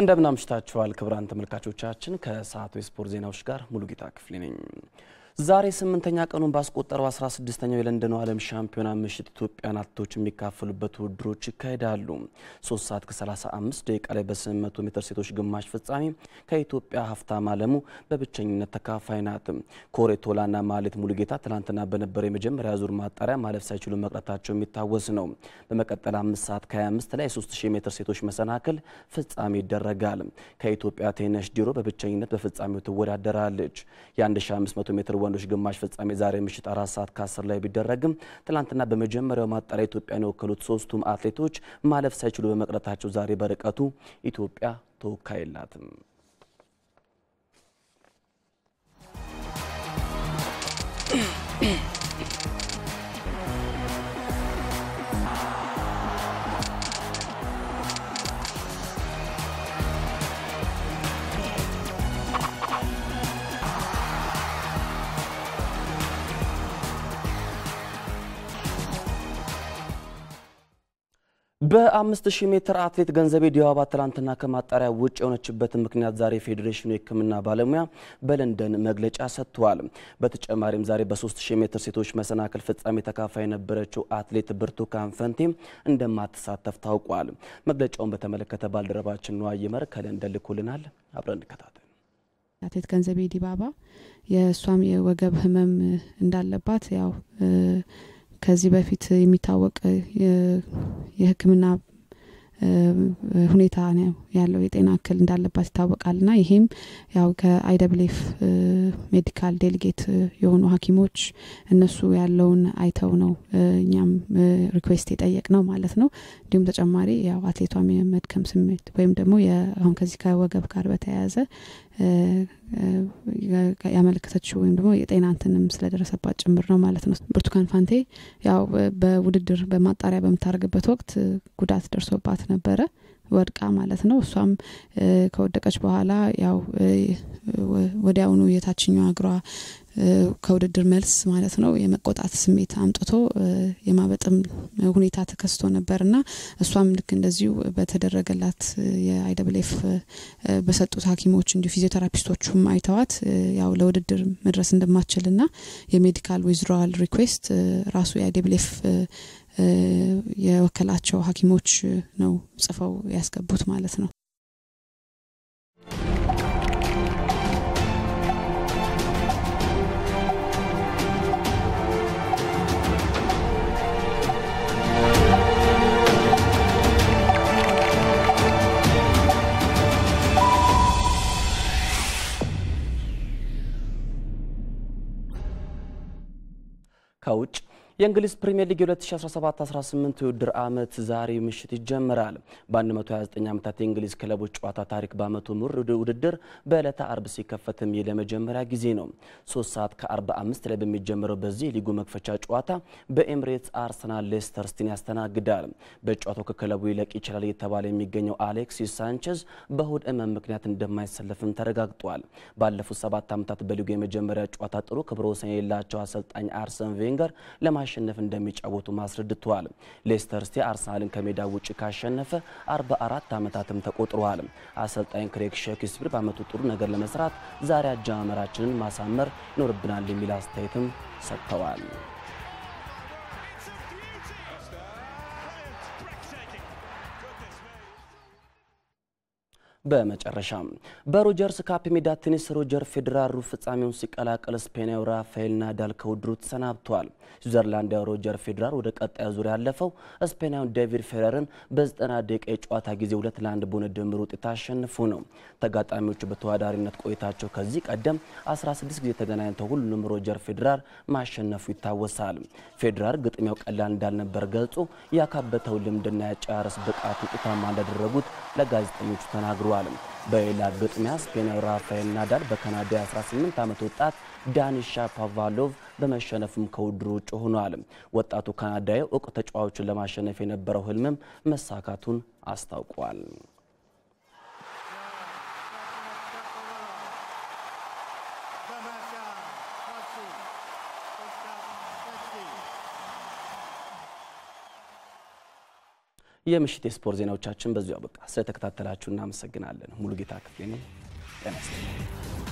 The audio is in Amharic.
እንደምናምሽታችኋል አምሽታችኋል ክቡራን ተመልካቾቻችን። ከሰዓቱ የስፖርት ዜናዎች ጋር ሙሉጌታ ክፍሌ ነኝ። ዛሬ ስምንተኛ ቀኑን ባስቆጠረው 16ኛው የለንደኑ ዓለም ሻምፒዮና ምሽት ኢትዮጵያን አትሌቶች የሚካፈሉበት ውድድሮች ይካሄዳሉ። 3 ሰዓት ከ35 ደቂቃ ላይ በ ሜትር ሴቶች ግማሽ ፍጻሜ ከኢትዮጵያ ሀፍታም አለሙ በብቸኝነት ተካፋይ ናት። ኮሬ ቶላና ማሌት ሙሉጌታ ትላንትና በነበረው የመጀመሪያ ዙር ማጣሪያ ማለፍ ሳይችሉ መቅረታቸው የሚታወስ ነው። በመቀጠል 5 ሰዓት ከ25 ላይ 3000 ሜትር ሴቶች መሰናክል ፍጻሜ ይደረጋል። ከኢትዮጵያ ቴነሽ ዲሮ በብቸኝነት በፍጻሜው ትወዳደራለች። የ1500 ሜትር ወንዶች ግማሽ ፍጻሜ ዛሬ ምሽት አራት ሰዓት ከአስር ላይ ቢደረግም ትላንትና በመጀመሪያው ማጣሪያ ኢትዮጵያን የወከሉት ሶስቱም አትሌቶች ማለፍ ሳይችሉ በመቅረታቸው ዛሬ በርቀቱ ኢትዮጵያ ተወካይ የላትም። በ5000 ሜትር አትሌት ገንዘቤ ዲባባ ትላንትና ከማጣሪያ ውጭ የሆነችበትን ምክንያት ዛሬ ፌዴሬሽኑ የሕክምና ባለሙያ በለንደን መግለጫ ሰጥቷል። በተጨማሪም ዛሬ በ3000 ሜትር ሴቶች መሰናክል ፍጻሜ ተካፋይ የነበረችው አትሌት ብርቱካን ፈንቴ እንደማትሳተፍ ታውቋል። መግለጫውን በተመለከተ ባልደረባችን ነዋ ይመር ከለንደን ልኩልናል። አብረን እንከታተል። አትሌት ገንዘቤ ዲባባ የእሷም የወገብ ህመም እንዳለባት ያው ከዚህ በፊት የሚታወቅ የህክምና ሁኔታ ያለው የጤና እክል እንዳለባት ይታወቃል ና ይሄም ያው ከአይደብሌፍ ሜዲካል ዴሊጌት የሆኑ ሀኪሞች እነሱ ያለውን አይተው ነው እኛም ሪኩዌስት የጠየቅ ነው ማለት ነው እንዲሁም ተጨማሪ ያው አትሌቷም የመድከም ስሜት ወይም ደግሞ አሁን ከዚህ ከወገብ ጋር በተያያዘ ያመለከተችው ወይም ደግሞ የጤና እንትንም ስለደረሰባት ጭምር ነው ማለት ነው። ብርቱካን ፋንቴ ያው በውድድር በማጣሪያ በምታደርግበት ወቅት ጉዳት ደርሶባት ነበረ ወድቃ ማለት ነው። እሷም ከወደቀች በኋላ ያው ወዲያውኑ የታችኛው እግሯ ከውድድር መልስ ማለት ነው የመቆጣት ስሜት አምጥቶ የማበጥም ሁኔታ ተከስቶ ነበር እና እሷም ልክ እንደዚሁ በተደረገላት የአይደብሌፍ በሰጡት ሐኪሞች እንዲሁ ፊዚዮተራፒስቶቹም አይተዋት ያው ለውድድር መድረስ እንደማትችል ና የሜዲካል ዊዝድሮዋል ሪኩዌስት ራሱ የአይደብሌፍ የወከላቸው ሐኪሞች ነው ጽፈው ያስገቡት ማለት ነው። ከውጭ የእንግሊዝ ፕሪምየር ሊግ የ2017-18 የውድድር ዓመት ዛሬ ምሽት ይጀምራል። በ129 ዓመታት የእንግሊዝ ክለቦች ጨዋታ ታሪክ በዓመቱ ምር ውድድር በዕለተ አርብ ሲከፈትም ለመጀመሪያ ጊዜ ነው። 3 ሰዓት ከ45 ላይ በሚጀምረው በዚህ የሊጉ መክፈቻ ጨዋታ በኤምሬትስ አርሰናል ሌስተር ሲቲን ያስተናግዳል። በጨዋታው ከክለቡ ይለቅ ይችላል እየተባለ የሚገኘው አሌክሲስ ሳንቼዝ በእሁድ ሕመም ምክንያት እንደማይሰለፍም ተረጋግጧል። ባለፉት ሰባት ዓመታት በሊጉ የመጀመሪያ ጨዋታ ጥሩ ክብረ ወሰን የሌላቸው አሰልጣኝ አርሰን ቬንገር ለማ ለማሸነፍ እንደሚጫወቱ ማስረድተዋል። ሌስተር ሲቲ አርሰናልን ከሜዳ ውጭ ካሸነፈ 44 ዓመታትም ተቆጥረዋል። አሰልጣኝ ክሬግ ሼክስፒር በአመቱ ጥሩ ነገር ለመስራት ዛሬ አጀማመራችንን ማሳመር ይኖርብናል የሚል አስተያየትም ሰጥተዋል። በመጨረሻም በሮጀርስ ካፕ ሜዳ ቴኒስ ሮጀር ፌዴራል ሩብ ፍጻሜውን ሲቀላቀል ስፔናዊ ራፋኤል ናዳል ከውድሩ ተሰናብቷል። ስዊዘርላንዳዊ ሮጀር ፌዴራል ወደ ቀጣዩ ዙር ያለፈው ስፔናዊ ዴቪድ ፌረርን በ90 ደቂቃ የጨዋታ ጊዜ ሁለት ለአንድ በሆነ ድምር ውጤት አሸንፎ ነው። ተጋጣሚዎቹ በተወዳዳሪነት ቆይታቸው ከዚህ ቀደም 16 ጊዜ ተገናኝተው ሁሉንም ሮጀር ፌዴራል ማሸነፉ ይታወሳል። ፌዴራል ግጥሚያው ቀላል እንዳልነበር ገልጾ ያካበተው ልምድና የአጨራረስ ብቃት ውጤታማ እንዳደረጉት ለጋዜጠኞቹ ተናግሯል። ተደርጓል። በሌላ ግጥሚያ ስፔናዊ ራፋኤል ናዳል በካናዳ 18 ዓመት ወጣት ዳኒሻ ፓቫሎቭ በመሸነፍም ከውድድሩ ውጭ ሆኗል። ወጣቱ ካናዳዊ እውቅ ተጫዋቹን ለማሸነፍ የነበረው ህልምም መሳካቱን አስታውቋል። የምሽት የስፖርት ዜናዎቻችን በዚሁ አበቃ። ስለተከታተላችሁ እናመሰግናለን። ሙሉጌታ ክፍሌ ነኝ። ጤና ይስጥልኝ።